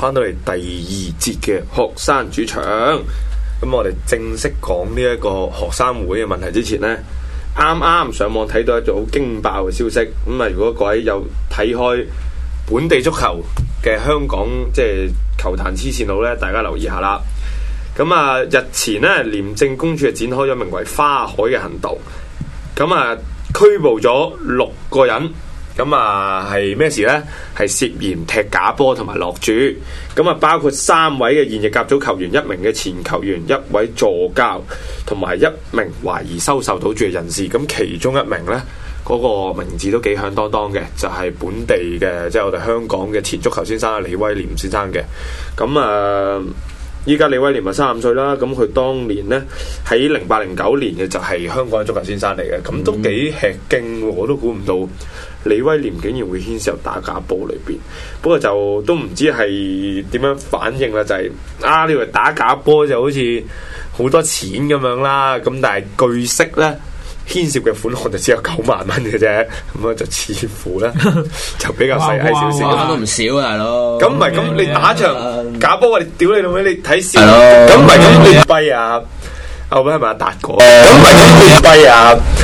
翻到嚟第二節嘅學生主場，咁我哋正式講呢一個學生會嘅問題之前呢，啱啱上網睇到一組驚爆嘅消息，咁啊如果各位有睇開本地足球嘅香港即係、就是、球壇黐線佬呢，大家留意下啦。咁啊日前呢，廉政公署展開咗名為花海嘅行動，咁啊拘捕咗六個人。咁啊，係咩事呢？係涉嫌踢假波同埋落注。咁啊，包括三位嘅現役甲組球員，一名嘅前球員，一位助教，同埋一名懷疑收受賭注嘅人士。咁其中一名呢，嗰個名字都幾響當當嘅，就係本地嘅，即係我哋香港嘅前足球先生李威廉先生嘅。咁啊，依家李威廉咪三十五歲啦。咁佢當年呢，喺零八零九年嘅就係香港嘅足球先生嚟嘅。咁都幾吃驚，我都估唔到。李威廉竟然會牽涉打假波裏邊，不過就都唔知係點樣反應啦，就係、是、啊，你話打假波就好似好多錢咁樣啦，咁但係據悉咧，牽涉嘅款項就只有九萬蚊嘅啫，咁、嗯、啊就似乎咧就比較細係少少，咁都唔少啊，大佬。咁唔係咁你打場、啊、假波，我哋屌你老味，你睇少，咁唔係咁弊啊？後尾係咪阿達哥？咁唔係咁弊啊？啊啊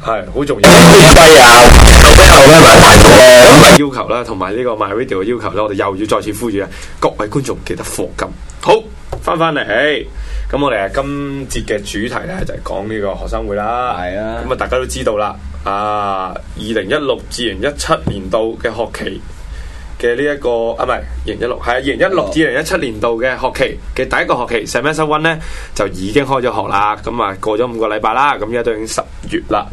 係好重要。好犀啊！咁啊，我哋嘅要求啦，同埋呢個 MyRadio 嘅要求咧，我哋又要再次呼籲啊，各位觀眾記得課金。好，翻翻嚟，咁我哋啊今節嘅主題咧就係講呢個學生會啦。係啊，咁啊大家都知道啦，啊二零一六至二零一七年度嘅學期。嘅呢一個啊，唔係二零一六，係二零一六至二零一七年度嘅學期嘅第一個學期 semester one 咧就已經開咗學啦。咁啊，過咗五個禮拜啦，咁而家都已經十月啦。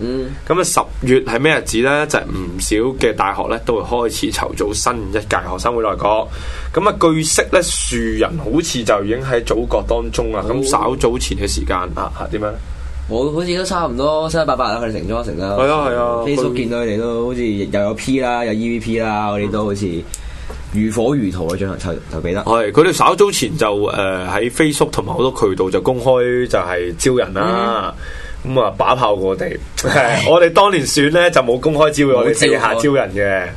咁啊、嗯，十月係咩日子咧？就係、是、唔少嘅大學咧都會開始籌組新一屆學生會內閣。咁啊，據悉咧，樹人好似就已經喺組閣當中啊。咁、哦、稍早前嘅時間啊，係點樣啊？我好似都差唔多七七八八啦，佢哋成咗成啦。係 啊係啊，Facebook、啊、他見到佢哋都好似又有 P 啦，有 EVP 啦嗰啲都好似如火如荼嘅進行投投俾得。係佢哋稍早前就誒喺、呃、Facebook 同埋好多渠道就公開就係招人啦。咁啊、嗯，把炮過我哋、哎。我哋當年選咧就冇公開招， 我哋私下招人嘅。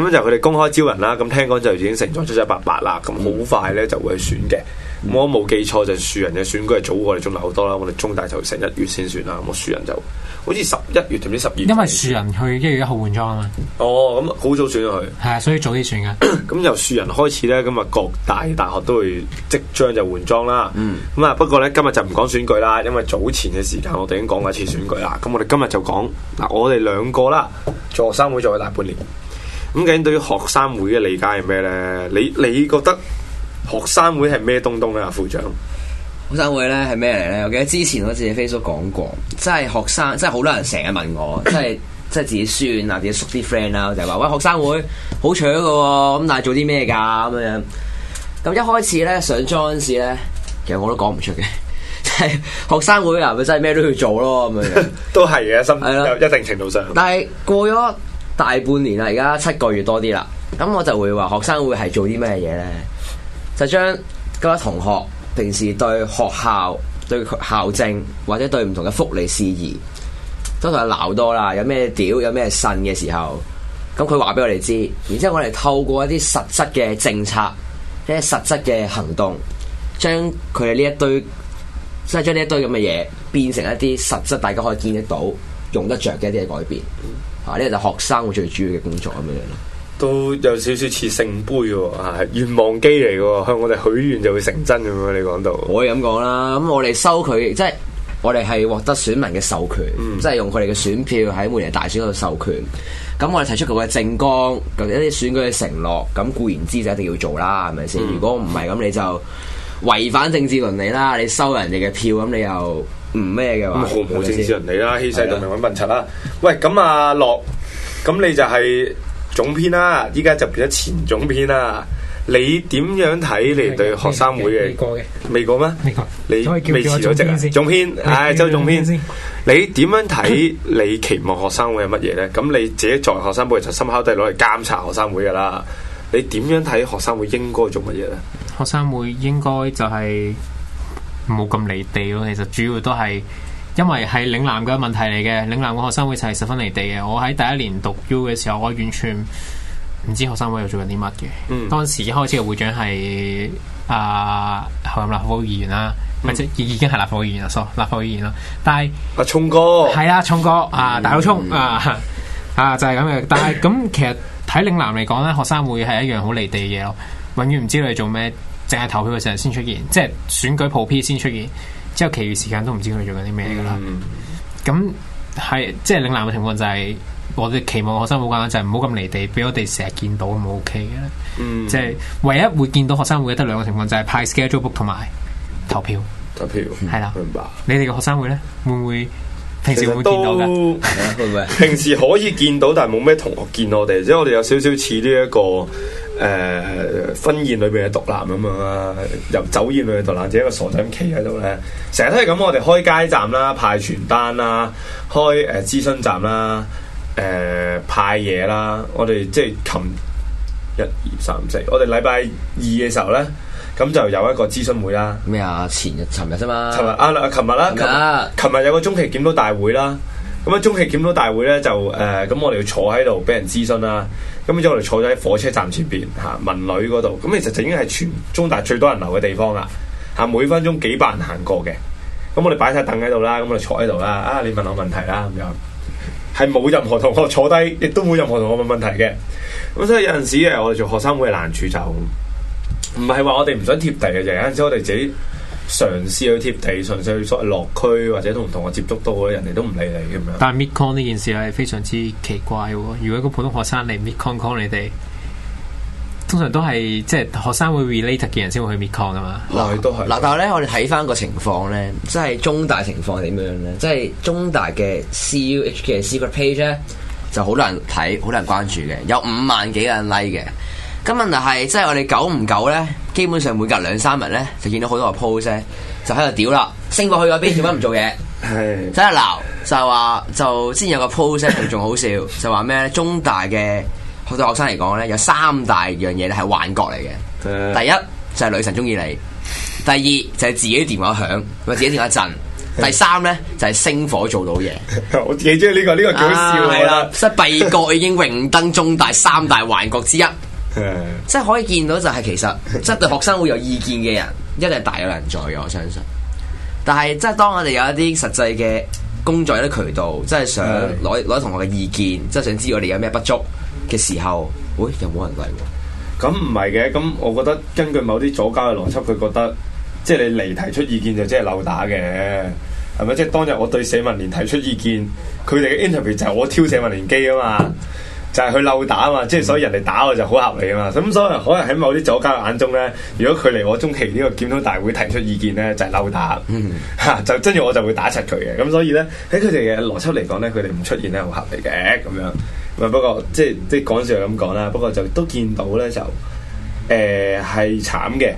咁 就佢哋公開招人啦。咁聽講就已經成咗七七八八啦。咁好快咧就會去選嘅。 我冇記錯就係樹人嘅選舉係早過我哋中大好多啦，我哋中大就成一月先選啦，我樹人就好似十一月定唔知十二月。因為樹人去一月一號換裝啊嘛。哦，咁好早選咗佢。係啊，所以早啲選嘅。咁 由樹人開始咧，咁啊各大大學都會即將就換裝啦。咁啊、嗯，不過咧今日就唔講選舉啦，因為早前嘅時間我哋已經講過一次選舉啦。咁我哋今日就講嗱，我哋兩個啦，做學生會做咗大半年。咁究竟對於學生會嘅理解係咩咧？你你覺得？學生會係咩東東咧？副長，學生會咧係咩嚟咧？我記得之前我自己 Facebook 講過，即係學生，即係好多人成日問我，即係即係自己算啊，自己熟啲 friend 啦，就係話喂，學生會好搶噶咁、啊、但係做啲咩噶咁樣。咁一開始咧上莊嗰時咧，其實我都講唔出嘅。 學生會啊，咪真係咩都要做咯咁樣。 都係嘅，心、啊、有一定程度上。但係過咗大半年啦，而家七個月多啲啦，咁我就會話學生會係做啲咩嘢咧？就將各位同學平時對學校、對校政或者對唔同嘅福利事宜都同佢鬧多啦，有咩屌，有咩呻嘅時候，咁佢話俾我哋知，然之後我哋透過一啲實質嘅政策、一啲實質嘅行動，將佢哋呢一堆，即係將呢一堆咁嘅嘢變成一啲實質，大家可以見得到、用得着嘅一啲嘅改變，係呢就學生會最主要嘅工作咁樣咯。都有少少似聖杯喎，係願望機嚟嘅喎，向我哋許願就會成真咁樣。你講到，以我亦咁講啦。咁我哋收佢，即係我哋係獲得選民嘅授權，嗯、即係用佢哋嘅選票喺每年大選嗰度授權。咁我哋提出佢嘅政綱，一啲選舉嘅承諾，咁固然之就一定要做啦，係咪先？嗯、如果唔係咁，你就違反政治倫理啦。你收人哋嘅票，咁你又唔咩嘅話，好政治倫理啦？欺世盜名揾笨柒啦。喂，咁阿樂，咁你就係、是。總編啦、啊，依家就變咗前總編啦、啊。你點樣睇你對學生會嘅？未過咩？未過。你未辭咗職啊？總編，唉，周總編，的你點樣睇你期望學生會係乜嘢呢？咁你自己作為學生會，就深刻地攞嚟監察學生會噶啦。你點樣睇學生會應該做乜嘢呢？學生會應該就係冇咁離地咯。其實主要都係。因為係嶺南嘅問題嚟嘅，嶺南嘅學生會就係十分離地嘅。我喺第一年讀 U 嘅時候，我完全唔知學生會又做緊啲乜嘅。嗯、當時一開始嘅會長係啊，候任立法會議員啦，唔即、嗯、已經係立法會議員啦，立法會議員啦。但係阿聰哥係啊，聰哥啊，聰哥啊，嗯、大口聰啊啊，就係咁嘅。但係咁、嗯、 其實睇嶺南嚟講咧，學生會係一樣好離地嘅嘢咯，永遠唔知道你做咩，淨係投票嘅時候先出現，即係選舉普 P 先出現。之後其餘時間都唔知佢做緊啲咩噶啦，咁係即係嶺南嘅情況就係我哋期望學生會嘅話就係唔好咁離地，俾我哋成日見到咁 OK 嘅，即係、嗯、唯一會見到學生會得兩個情況就係、是、派 schedule book 同埋投票，投票係啦，的明白？你哋嘅學生會咧會唔會？平時都， 平時可以見到，但係冇咩同學見到我哋，即係我哋有少少似呢一點點、這個誒、呃、婚宴裏邊嘅獨男咁樣啦。由酒宴裏嘅獨男，只一個傻仔企喺度咧，成日都係咁。我哋開街站啦，派傳單啦，開誒諮詢站啦，誒、呃、派嘢啦。我哋即係琴一二三四，我哋禮拜二嘅時候咧。咁就有一個諮詢會啦。咩啊？前日、尋日啫嘛。尋日啊，琴日啦。琴日有個中期檢討大會啦。咁啊，中期檢討大會咧就誒，咁、呃、我哋要坐喺度俾人諮詢啦。咁之後我哋坐咗喺火車站前邊嚇，民女嗰度。咁其實就已經係全中大最多人流嘅地方啦。嚇、啊，每分鐘幾百人行過嘅。咁我哋擺晒凳喺度啦，咁我哋坐喺度啦。啊，你問我問題啦咁樣。係、啊、冇任何同學坐低，亦都冇任何同學問問題嘅。咁所以有陣時嘅我哋做學生會嘅難處就。唔係話我哋唔想貼地嘅，有陣時我哋自己嘗試去貼地，嘗試去落區或者同同學接觸到嘅人哋都唔理你咁樣。但係 meet con 呢件事係非常之奇怪。如果一個普通學生嚟 meet con 你哋，通常都係即係學生會 relate 嘅人先會去 meet con 啊嘛。都係。嗱，但係咧我哋睇翻個情況咧，即係中大情況點樣咧？即係中大嘅 CUHK 嘅 secret page 咧，就好多人睇，好多人關注嘅，有五萬幾個 like 嘅。咁問題係，即係我哋久唔久咧，基本上每隔兩三日咧，就見到好多個 post 咧，就喺度屌啦，星火去咗邊，點解唔做嘢？係，真係鬧，就係話就先有個 post，佢仲好笑，就話咩咧？中大嘅對學生嚟講咧，有三大樣嘢係幻覺嚟嘅。 第一就係、是、女神中意你，第二就係、是、自己電話響，或者自己電話震，第三咧就係、是、星火做到嘢。我幾中意呢個呢個搞笑即失弊角，已經榮登中大三大幻覺之一。 即係可以見到，就係其實 即係對學生會有意見嘅人，一定係大有人在嘅。我相信。但係即係當我哋有一啲實際嘅工作，有啲渠道，即係想攞攞 同學嘅意見，即係想知我哋有咩不足嘅時候，喂、哎，又冇人嚟喎。咁唔係嘅，咁、嗯、我覺得根據某啲左膠嘅邏輯，佢覺得即係你嚟提出意見就即係漏打嘅，係咪？即係當日我對社民連提出意見，佢哋嘅 interview 就係我挑社民連機啊嘛。就係去溜打啊嘛，即係所以人哋打我就好合理啊嘛。咁所以可能喺某啲左膠眼中咧，如果佢嚟我中期呢個檢討大會提出意見咧，就係、是、溜打嚇， 就跟住我就會打柒佢嘅。咁所以咧喺佢哋嘅邏輯嚟講咧，佢哋唔出現咧好合理嘅咁樣。唔係，不過即係即係講笑咁講啦。不過就都見到咧就誒係、呃、慘嘅。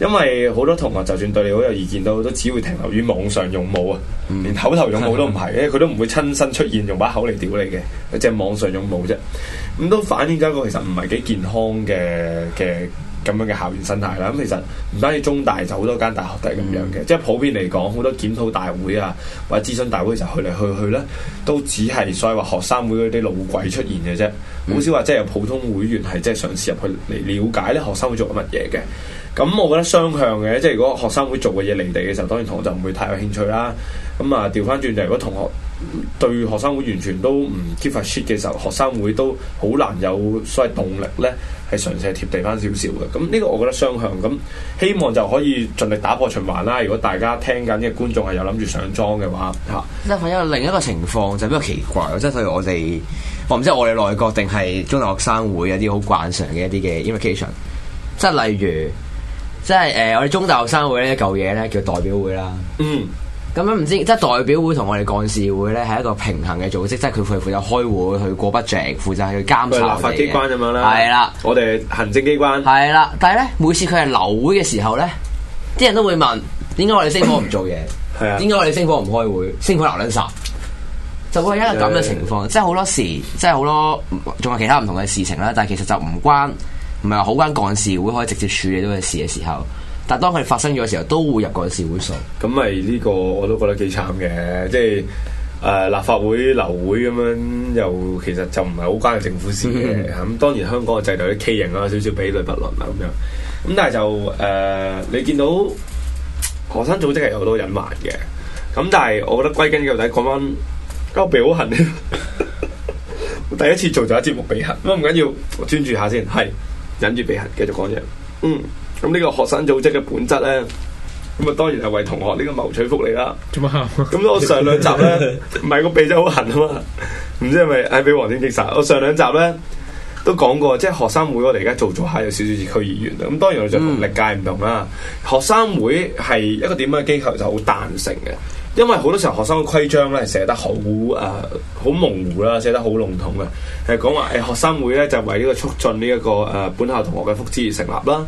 因為好多同學就算對你好有意見都，都只會停留於網上勇武啊，嗯、連口頭勇武都唔係，的因為佢都唔會親身出現用把口嚟屌你嘅，即係網上勇武啫。咁都反映咗一個其實唔係幾健康嘅嘅咁樣嘅校園生態啦。咁其實唔單止中大，就好多間大學都係咁樣嘅，即係、嗯、普遍嚟講，好多檢討大會啊或者諮詢大會就去嚟去去咧，都只係所謂話學生會嗰啲老鬼出現嘅啫，嗯、好少話即係有普通會員係即係想試入去嚟了解咧學生會做乜嘢嘅。咁我覺得雙向嘅，即係如果學生會做嘅嘢離地嘅時候，當然同學就唔會太有興趣啦。咁啊調翻轉就係如果同學對學生會完全都唔 keep a shit 嘅時候，學生會都好難有所謂動力咧，係嘗試貼地翻少少嘅。咁呢個我覺得雙向，咁希望就可以盡力打破循環啦。如果大家聽緊嘅觀眾係有諗住上莊嘅話，吓，但係有另一個情況就比較奇怪，即係例如我哋，我唔知我哋內閣定係中大學生會有啲好慣常嘅一啲嘅 invocation 即係例如。即係誒、呃，我哋中大學生會呢舊嘢咧叫代表會啦。嗯，咁樣唔知，即係代表會同我哋幹事會咧係一個平衡嘅組織，即係佢會負責開會去過 budget 負責去監察。立法機關咁樣啦。係啦，我哋行政機關係啦，但係咧每次佢係留會嘅時候咧，啲人都會問：，點解我哋升火唔做嘢？係 是啊，點解我哋升火唔開會？升火留兩集，就會一個咁嘅情況的。 即係好多時，即係好多，仲有其他唔同嘅事情啦。但係其實就唔關。唔係好關幹事會可以直接處理到嘅事嘅時候，但當佢發生咗嘅時候，都會入幹事會數。咁咪呢個我都覺得幾慘嘅，即係誒、呃、立法會流會咁樣，又其實就唔係好關政府事嘅嚇。咁、mm hmm. 嗯、當然香港嘅制度有啲畸形啦，少少比例不均咁樣。咁但係就誒、呃，你見到學生組織係有好多隱患嘅。咁但係我覺得歸根結底講翻交好痕， 第一次做就一節目表痕。咁唔 緊要，我專注下先，係。忍住鼻痕，繼續講嘢。嗯，咁呢個學生組織嘅本質咧，咁啊當然係為同學呢個謀取福利啦。做乜吓？咁我上兩集咧，唔係個鼻真好痕啊嘛，唔知係咪挨俾黃天擊殺？我上兩集咧都講過，即係學生會我哋而家做做下有少少熱區議員啊。咁當然我哋就同歷屆唔同啦，嗯、學生會係一個點樣嘅機構就好彈性嘅。因為好多時候學生嘅規章咧係寫得好誒好模糊啦，寫得好籠統嘅，係講話誒學生會咧就是、為呢個促進呢一個誒本校同學嘅福祉而成立啦。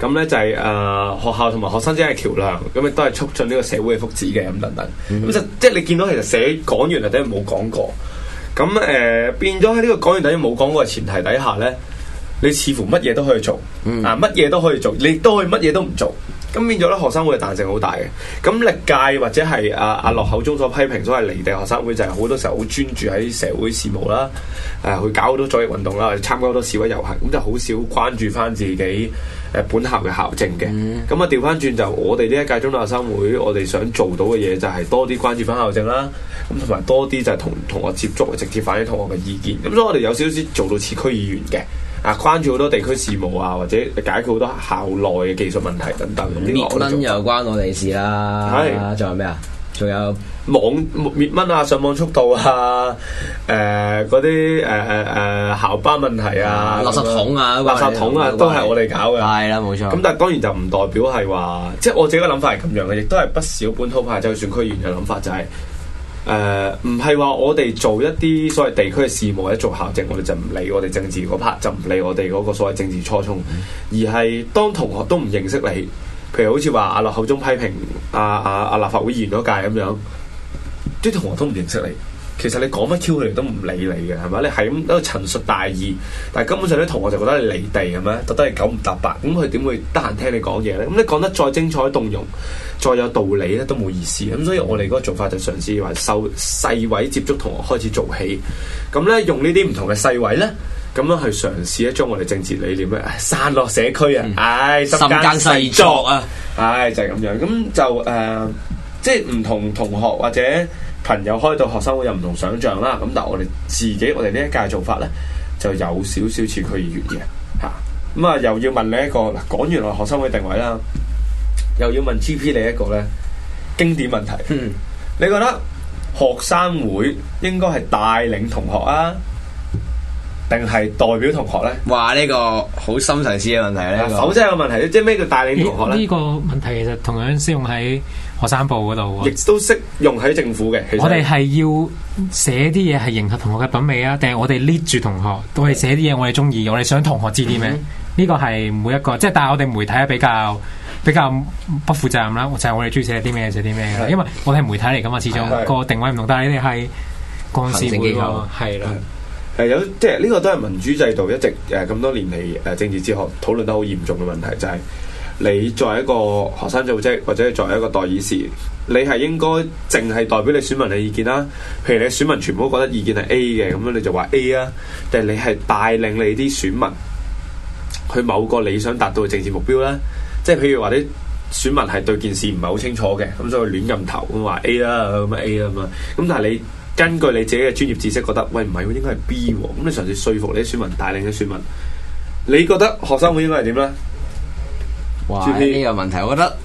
咁咧、嗯、哼就係、是、誒、呃、學校同埋學生之間嘅橋樑，咁亦都係促進呢個社會嘅福祉嘅咁等等。咁、嗯、哼就即係、就是、你見到其實寫講完等於冇講過，咁誒、呃、變咗喺呢個講完等於冇講過嘅前提底下咧，你似乎乜嘢都可以做，嗯、啊乜嘢都可以做，你都可以乜嘢都唔做。咁變咗咧，學生會嘅彈性好大嘅。咁歷屆或者係阿阿樂口中所批評，所謂離地學生會就係、是、好多時候好專注喺社會事務啦，誒、啊，去搞好多左翼運動啦，參加好多示威遊行，咁就好少關注翻自己本校嘅校政嘅。咁啊、嗯，調翻轉就我哋呢一屆中學生會，我哋想做到嘅嘢就係多啲關注翻校政啦，咁同埋多啲就係同同學接觸，直接反映同學嘅意見。咁所以我哋有少少做到似區議員嘅。啊，關注好多地區事務啊，或者解決好多校內嘅技術問題等等。滅蚊又關我哋事啦，係啊是，仲有咩啊？仲有網滅蚊啊，上網速度啊，誒嗰啲誒誒誒校巴問題啊，垃圾桶啊，垃圾桶啊都係我哋搞嘅，係啦，冇錯。咁但係當然就唔代表係話，即係我自己嘅諗法係咁樣嘅，亦都係不少本土派就選區員嘅諗法就係。誒唔係話我哋做一啲所謂地區嘅事務，或者做校政，我哋就唔理我哋政治嗰 part，就唔理我哋嗰個所謂政治初衷，而係當同學都唔認識你，譬如好似話阿樂口中批評阿阿阿立法會議員嗰屆咁樣，啲同學都唔認識你。其實你講乜 Q 佢哋都唔理你嘅，係咪？你係咁喺度陳述大義，但係根本上啲同學就覺得你離地係咩？覺得你九唔搭八，咁佢點會得閒聽你講嘢咧？咁你講得再精彩動容，再有道理咧都冇意思嘅。咁所以我哋嗰個做法就嘗試話，受細位接觸同學開始做起，咁咧用呢啲唔同嘅細位咧，咁樣去嘗試一將我哋政治理念咧、哎、散落社區啊，唉、哎，民間細作啊，唉、哎、就係、是，咁樣。咁就誒、呃，即係唔同同學或者。朋友開到學生會有唔同想象啦，咁但係我哋自己，我哋呢一屆做法咧就有少少似區議員嘅吓。咁啊，又要問你一個，嗱講完啦學生會定位啦，又要問 G P 你一個咧經典問題，嗯、你覺得學生會應該係帶領同學啊，定係代表同學咧？話呢、這個好深層次嘅問題咧，否、這個、先有個問題即係咩叫帶領同學咧？呢、這個問題其實同樣適用喺。學生報嗰度，亦都適用喺政府嘅。其實我哋係要寫啲嘢係迎合同學嘅品味啊，定係我哋 lead 住同學，我哋寫啲嘢我哋中意，我哋想同學知啲咩？呢個係每一個，即係但係我哋媒體啊比較比較不負責任啦，就係、是、我哋中意寫啲咩寫啲咩，因為我哋係媒體嚟噶嘛，始終個定位唔同。但係你哋係幹事機構，係啦，係有即係呢、這個都係民主制度一直誒咁、呃、多年嚟誒政治哲學討論得好嚴重嘅問題就係、是。你作為一個學生組織，或者作為一個代議士，你係應該淨係代表你選民嘅意見啦。譬如你選民全部都覺得意見係 A 嘅，咁樣你就話 A 啦，啊。定你係帶領你啲選民去某個你想達到嘅政治目標啦。即係譬如話啲選民係對件事唔係好清楚嘅，咁所以亂咁投咁話 A 啦，咁啊 A 啊嘛。咁、啊、但係你根據你自己嘅專業知識覺得，喂唔係應該係 B 喎，啊，咁你嘗試說服你啲選民，帶領啲選民，你覺得學生會應該係點呢？話呢、呢個問題，我覺得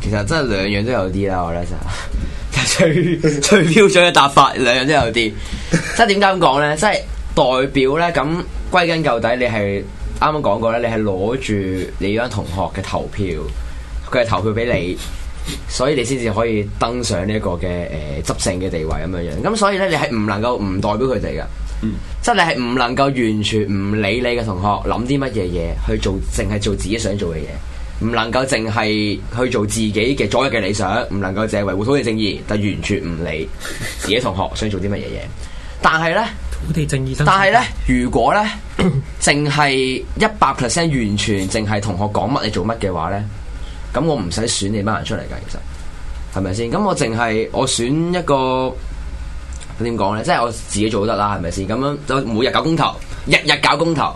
其實真係兩樣都有啲啦。我咧就 最最標準嘅答法，兩樣都有啲。 即係點解咁講呢？即係代表呢，咁歸根究底你剛剛，你係啱啱講過呢，你係攞住你依班同學嘅投票，佢係投票俾你，嗯、所以你先至可以登上呢、這、一個嘅誒執政嘅地位咁樣樣。咁所以呢，你係唔能夠唔代表佢哋噶。嗯、即係你係唔能夠完全唔理你嘅同學諗啲乜嘢嘢去做，淨係做自己想做嘅嘢。唔能夠淨係去做自己嘅左翼嘅理想，唔能夠淨係維護土地正義，但完全唔理自己同學想做啲乜嘢嘢但係呢，土地正義，但係呢，如果呢，淨係一百 percent 完全淨係同學講乜你做乜嘅話呢，咁我唔使選你班人出嚟噶，其實係咪先？咁我淨係我選一個點講呢？即係我自己做得啦，係咪先？咁樣就每日搞公投，日日搞公投。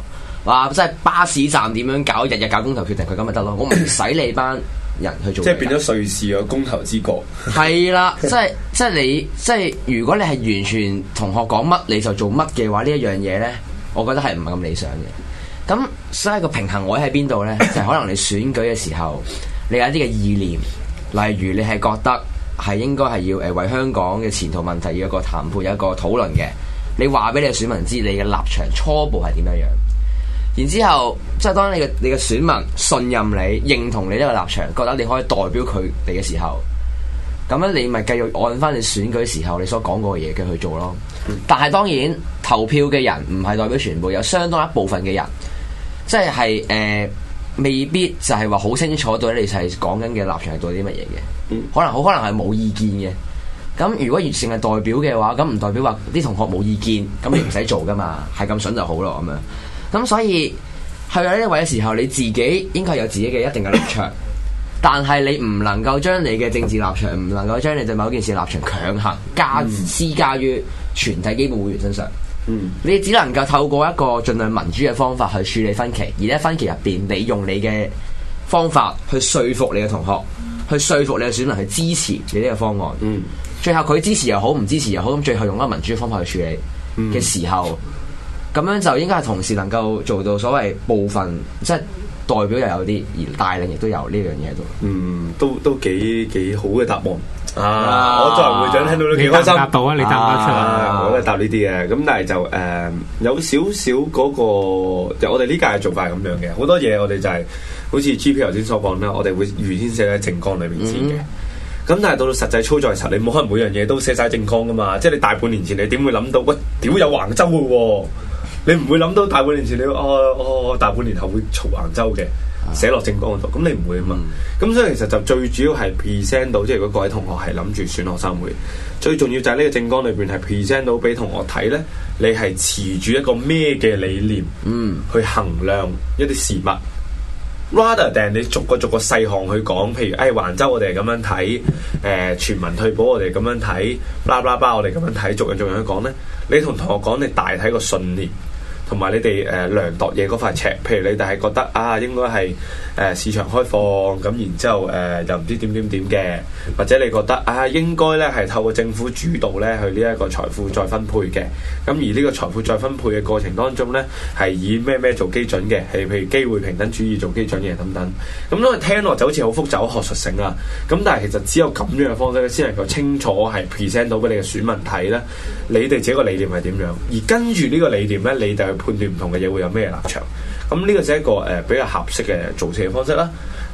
哇、啊！即係巴士站點樣搞，日日搞公投決定佢咁咪得咯？我唔使你班人去做。即係變咗瑞士有公投之國。係 啦，即係即係你即係如果你係完全同學講乜你就做乜嘅話，呢一樣嘢呢，我覺得係唔係咁理想嘅。咁所以個平衡位喺邊度呢？就係、是、可能你選舉嘅時候，你有一啲嘅意念，例如你係覺得係應該係要誒為香港嘅前途問題要一個談判、一個討論嘅。你話俾你嘅選民知，你嘅立場初步係點樣樣？然之後，即係當你嘅你嘅選民信任你、認同你呢個立場，覺得你可以代表佢哋嘅時候，咁樣你咪繼續按翻你選舉時候你所講過嘅嘢嘅去做咯。但係當然投票嘅人唔係代表全部，有相當一部分嘅人，即係係誒未必就係話好清楚對你係講緊嘅立場係對啲乜嘢嘅，嗯、可能好可能係冇意見嘅。咁如果完全係代表嘅話，咁唔代表話啲同學冇意見，咁你唔使做噶嘛，係咁筍就好咯咁樣。咁、嗯、所以去到呢一位嘅時候，你自己應該有自己嘅一定嘅立場， 但係你唔能夠將你嘅政治立場，唔能夠將你對某件事立場強行加施加於全體基本會員身上。嗯、你只能夠透過一個盡量民主嘅方法去處理分歧，而呢分歧入邊，你用你嘅方法去說服你嘅同學，去說服你嘅選民去支持你呢個方案。嗯、最後佢支持又好，唔支持又好，咁最後用一個民主嘅方法去處理嘅時候。嗯嗯咁樣就應該係同時能夠做到所謂部分，即係代表又有啲，而帶領亦都有呢樣嘢度。嗯，都都幾幾好嘅答案啊！啊我作為會長聽到都幾開心。答，答到啊？你答我出啊？啊答呢啲嘢。咁但係就誒、呃、有少少嗰個，就我哋呢屆嘅做法咁樣嘅。好多嘢我哋就係好似 G P 頭先所講啦，我哋會預先寫喺政綱裏面先嘅。咁、嗯、哼但係到到實際操作嘅時候，你冇可能每樣嘢都寫晒政綱噶嘛？即係你大半年前你點會諗到喂？點會有橫州嘅喎、啊？你唔會諗到大半年前你會哦我、哦、大半年後會嘈橫州嘅寫落政綱度，咁你唔會啊嘛。咁、嗯、所以其實就最主要係 present 到，即、就、係、是、如果各位同學係諗住選學生會，最重要就喺呢個政綱裏邊係 present 到俾同學睇咧。你係持住一個咩嘅理念去衡量一啲事物、嗯、？rather 定你逐個逐個細項去講，譬如誒橫、哎、州我哋係咁樣睇，誒、呃、全民退保我哋咁樣睇，啦啦啦我哋咁樣睇，逐樣逐樣去講咧。你同同學講你大體個信念。同埋你哋誒量度嘢嗰塊尺，譬如你哋係覺得啊，應該係誒市場開放，咁然之後誒、啊、又唔知點點點嘅，或者你覺得啊，應該咧係透過政府主導咧去呢一個財富再分配嘅，咁而呢個財富再分配嘅過程當中咧係以咩咩做基準嘅？係譬如機會平等主義做基準嘅等等。咁當然聽落就好似好複雜好學術性啊。咁但係其實只有咁樣嘅方式咧，先能夠清楚係 present 到俾你嘅選民睇咧，你哋自己個理念係點樣，而跟住呢個理念咧，你哋。判斷唔同嘅嘢會有咩立場，咁呢個就係一個誒、呃、比較合適嘅做事嘅方式啦。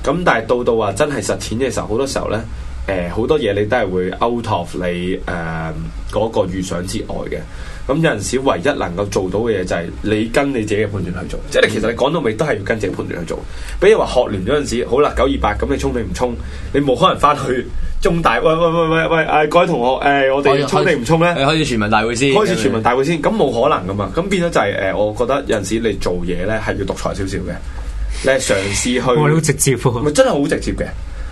咁但係到到話真係實踐嘅時候，好多時候呢，誒、呃、好多嘢你都係會 out of 你誒嗰、呃那個預想之外嘅。咁、嗯、有陣時唯一能夠做到嘅嘢就係你跟你自己嘅判斷去做。即係其實你講到尾都係要跟自己判斷去做。比如話學聯嗰陣時，好啦九二八，咁你衝你唔衝，你冇可能翻去。中大喂喂喂喂喂！誒各位同學誒、欸，我哋衝定唔衝咧？你開始全民大會先，開始全民大會先，咁冇可能噶嘛？咁變咗就係、是、誒、呃，我覺得有陣時你做嘢咧係要獨裁少少嘅，你係嘗試去，哇！你好直接喎、啊，唔係真係好直接嘅，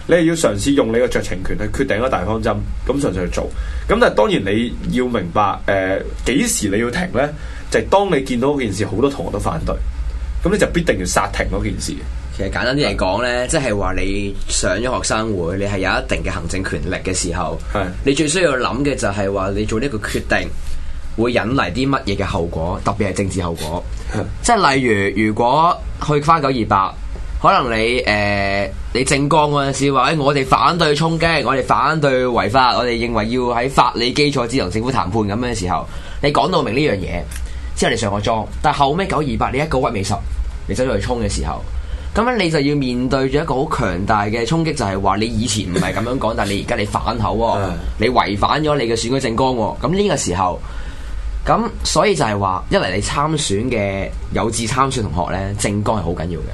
你係要嘗試用你個酌情權去決定一個大方針，咁嘗試去做。咁但係當然你要明白誒幾、呃、時你要停咧，就係、是、當你見到件事好多同學都反對，咁你就必定要殺停嗰件事。其實簡單啲嚟講呢即係話你上咗學生會，你係有一定嘅行政權力嘅時候，的你最需要諗嘅就係話你做呢個決定會引嚟啲乜嘢嘅後果，特別係政治後果。的即係例如，如果去翻九二八，可能你誒、呃、你政光嗰陣時話、哎、我哋反對衝擊，我哋反對違法，我哋認為要喺法理基礎只能政府談判咁嘅時候，你講到明呢樣嘢之後，你上個莊，但後尾九二八你一九屈未十，你走咗去衝嘅時候。咁樣你就要面對住一個好強大嘅衝擊，就係話你以前唔係咁樣講， 但係你而家你反口， 你違反咗你嘅選舉政綱。咁呢個時候，咁所以就係話，因為你參選嘅有志參選同學咧，政綱係好緊要嘅。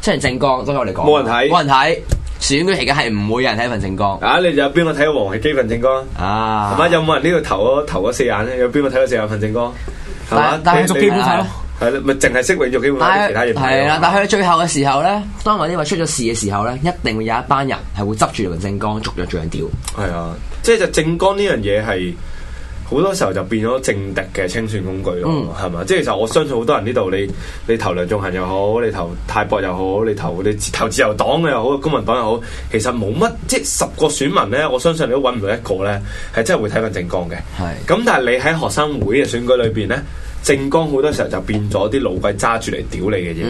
雖然政綱都係我哋講，冇人睇，冇人睇，選舉期間係唔會有人睇份政綱。啊，你就有邊個睇過黃啟基份政綱啊？有冇人呢度投投咗四眼咧？有邊個睇到四眼份政綱？係嘛，繼續基本法咯。 係啦，咪淨係識咗基本，其他嘢睇咯。係啦，但係喺最後嘅時候咧，當某呢位出咗事嘅時候咧，一定會有一班人係會執住份政綱逐咗逐人屌。係啊、嗯，嗯、即係就政綱呢樣嘢係好多時候就變咗政敵嘅清算工具咯，係嘛？即係其實我相信好多人呢度，你你投梁仲恒又好，你投泰博又好，你投你投自由黨嘅又好，公民黨又好，其實冇乜，即係十個選民咧，我相信你都搵唔到一個咧，係真係會睇份政綱嘅。係、嗯，咁但係你喺學生會嘅選舉裏邊咧。政綱好多時候就變咗啲老鬼揸住嚟屌你嘅嘢，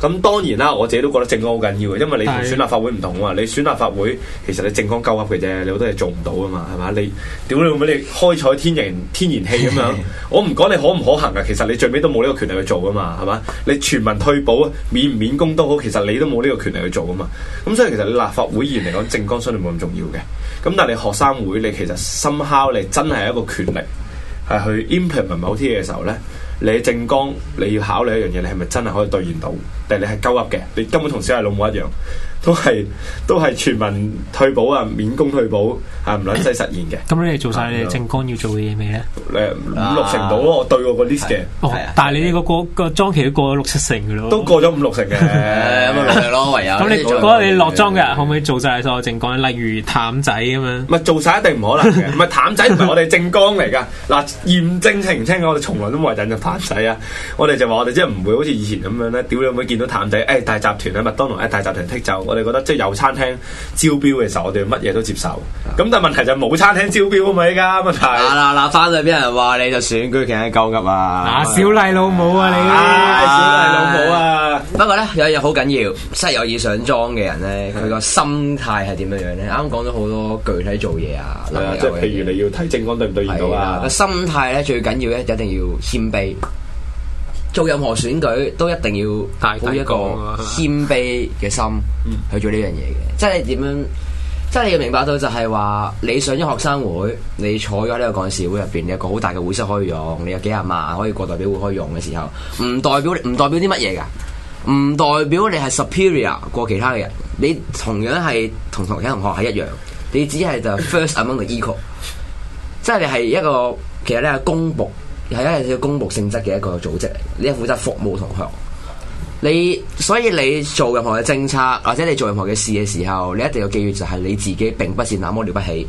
咁、嗯、當然啦，我自己都覺得政綱好緊要嘅，因為你同選立法會唔同啊，但你選立法會其實你政綱夠核嘅啫，你好多嘢做唔到啊嘛，係嘛？你屌你妹，你，會會你開採天然天然氣咁樣， 我唔講你可唔可行啊，其實你最尾都冇呢個權力去做啊嘛，係嘛？你全民退保啊，免唔免工都好，其實你都冇呢個權力去做啊嘛，咁所以其實立法會議員嚟講，政綱相對冇咁重要嘅，咁但係你學生會你其實深敲你真係一個權力。係去 implement 某啲嘢嘅時候呢，你政綱你要考慮一樣嘢，你係咪真係可以兌現到？定你係鳩噏嘅？你根本同小細佬冇一樣。都係都係全民退保啊，免工退保啊，唔撚使實現嘅。咁你哋做晒你哋政綱要做嘅嘢未咧？五六成度咯，我對過個 list 嘅。哦，但係你啲個個個莊期都過咗六七成嘅咯。都過咗五六成嘅咁唯有。咁你覺得你落莊嘅人可唔可以做晒？所有政綱？例如譚仔咁樣。咪做晒一定唔可能嘅，咪譚仔唔係我哋政綱嚟噶。嗱驗證清唔清？我哋從來都冇人就住譚仔啊！我哋就話我哋真係唔會好似以前咁樣咧，屌你阿妹見到譚仔，誒大集團啊麥當勞大集團剔走。我哋覺得即係有餐廳招標嘅時候，我哋乜嘢都接受。咁、啊、但係問題就係冇餐廳招標啊嘛！依家問題。嗱嗱嗱，翻去啲人話你就選舉，其喺鳩鴨啊！嗱，小麗老母啊你！啊，小麗老母啊！不過咧，有一樣好緊要，真係有意上莊嘅人咧，佢個是的 心態係點樣樣咧？啱啱講咗好多具體做嘢啊，即係譬如你要睇政光對唔對唔到的啊。個心態咧最緊要咧，一定要謙卑。做任何選舉都一定要帶一個謙卑嘅心去做呢樣嘢嘅，嗯、即係點樣？即係你要明白到就係話，你上咗學生會，你坐咗呢個幹事會入邊，你有個好大嘅會室可以用，你有幾廿萬可以過代表會可以用嘅時候，唔代表唔代表啲乜嘢噶？唔代表你係 superior 過其他嘅人，你同樣係同同其他同學係一樣，你只係就 first among the equal， 即係你係一個其實咧公僕。係一個嘅公務性質嘅一個組織，你係負責服務同學。你所以你做任何嘅政策，或者你做任何嘅事嘅時候，你一定要記住，就係你自己並不是那麼了不起。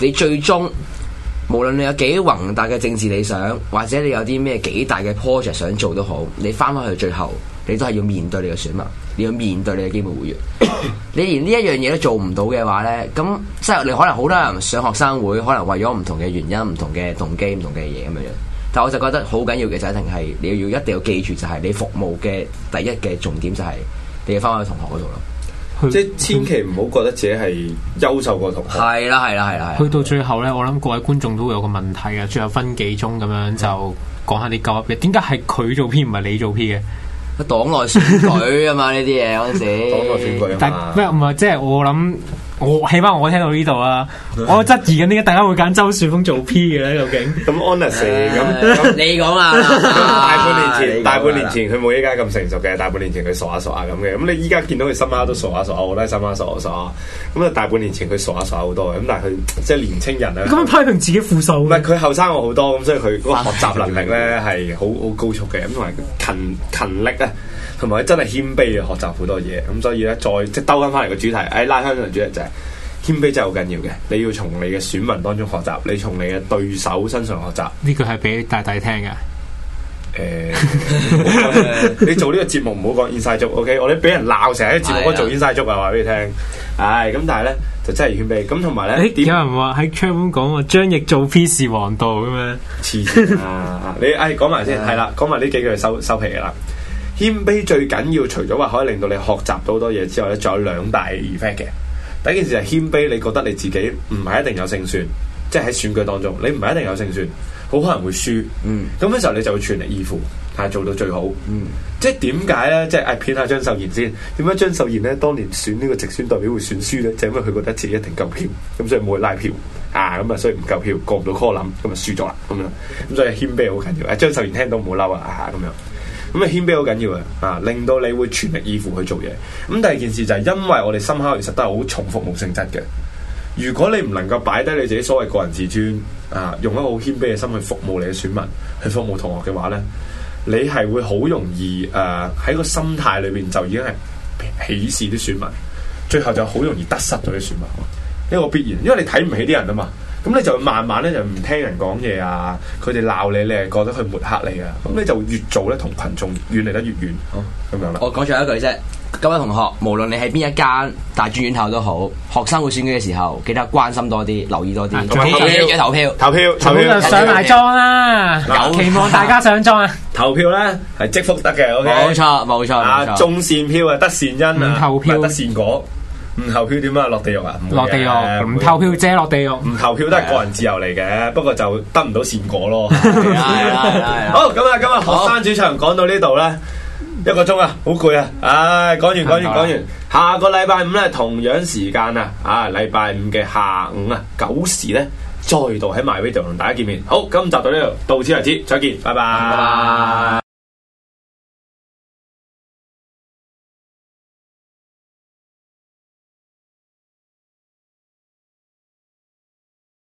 你最終無論你有幾宏大嘅政治理想，或者你有啲咩幾大嘅 project 想做都好，你翻返去最後，你都係要面對你嘅選民，你要面對你嘅基本會員。 你連呢一樣嘢都做唔到嘅話呢，咁即係你可能好多人上學生會，可能為咗唔同嘅原因、唔同嘅動機、唔同嘅嘢咁樣。但我就覺得好緊要嘅就一定係你要一定要記住就係、是、你服務嘅第一嘅重點就係、是、你要翻返去同學嗰度咯，即係千祈唔好覺得自己係優秀過同學。係啦係啦係啦，去到最後咧，我諗各位觀眾都會有個問題啊，最後分幾鐘咁樣就講、嗯、下啲狗屁，點解係佢做 P 唔係你做 P 嘅？黨內選舉啊嘛，呢啲嘢嗰時。 黨內選舉啊嘛。咩唔係即係我諗？我起碼我聽到呢度啊！是我質疑緊點解大家會揀周雪峰做 P 嘅咧？究竟咁 analy 咁， honest, 你講啊！大半年前傻啊傻啊傻啊，傻啊傻啊傻啊傻啊大半年前佢冇依家咁成熟嘅，大半年前佢傻下傻下咁嘅。咁你依家見到佢心啊都傻下傻，我都係心啊傻下、啊、傻。咁啊，大半年前佢傻下傻好多嘅。咁但係佢即係年青人啊！咁樣批評自己負數唔佢後生我好多，咁所以佢嗰個學習能力咧係好好高速嘅。咁同埋勤勤力啊，同埋佢真係謙卑嘅學習好多嘢。咁所以咧，再即係兜翻翻嚟個主題，誒、哎，拉翻上個主題就係。謙卑真係好緊要嘅，你要從你嘅選民當中學習，你從你嘅對手身上學習。呢句係俾大大聽嘅。誒、欸， 你做呢個節目唔好講 inside joke OK？我哋俾人鬧成日喺節目都做 inside joke 啊，話俾你聽。唉，咁，但係咧就真係謙卑。咁同埋咧，誒、欸，點解麼人話喺 channel 講話張翼做 P 是王道嘅咩？黐線、啊、你唉講埋先，係啦、啊、講埋呢幾句收收皮啦。謙卑最緊要，除咗話可以令到你學習到好多嘢之外咧，仲有兩大 effect 嘅。第一件事係謙卑，你覺得你自己唔係一定有勝算，即係喺選舉當中，你唔係一定有勝算，好可能會輸。嗯，咁嘅時候你就會全力以赴，係、啊、做到最好。嗯，即係點解咧？即係誒、啊、騙下張秀賢先，點解張秀賢咧當年選呢個直選代表會選輸咧？就係、因為佢覺得自己一定夠票，咁所以冇去拉票啊，咁啊所以唔夠票過唔到 call 冧咁啊輸咗啦咁樣，咁所以謙卑好緊要、啊。張秀賢聽到唔好嬲啊嚇咁、啊、樣。咁啊，謙卑好緊要嘅，啊，令到你會全力以赴去做嘢。咁第二件事就係因為我哋心口其實都係好重服務性質嘅。如果你唔能夠擺低你自己所謂個人自尊，啊，用一個好謙卑嘅心去服務你嘅選民，去服務同學嘅話呢，你係會好容易誒喺、啊、個心態裏邊就已經係鄙視啲選民，最後就好容易得失咗啲選民，一個必然，因為你睇唔起啲人啊嘛。咁你就慢慢咧就唔聽人講嘢啊，佢哋鬧你，你係覺得佢抹黑你啊，咁你就越做咧同群眾遠離得越遠，咁樣啦。我講咗一句啫，各位同學，無論你喺邊一間大專院校都好，學生會選舉嘅時候，記得關心多啲，留意多啲。投票，投票，投票上埋莊啦，期望大家上莊啊！投票咧係積福德嘅，OK，冇錯冇錯啊，種善票啊，得善因投票得善果。唔投票點啊？落地獄啊？唔落地獄？落地獄，唔投票即係落地獄。唔投票都係個人自由嚟嘅， 不過就得唔到善果咯。好，咁啊，今日學生主場講到呢度啦，好一個鐘啊，好攰啊，唉、啊，講完講完講完，完完了下個禮拜五咧，同樣時間啊，啊，禮拜五嘅下午啊，九時咧，再度喺 MyVideo 同大家見面。好，今集到呢度，到此為止，再見，拜拜。拜拜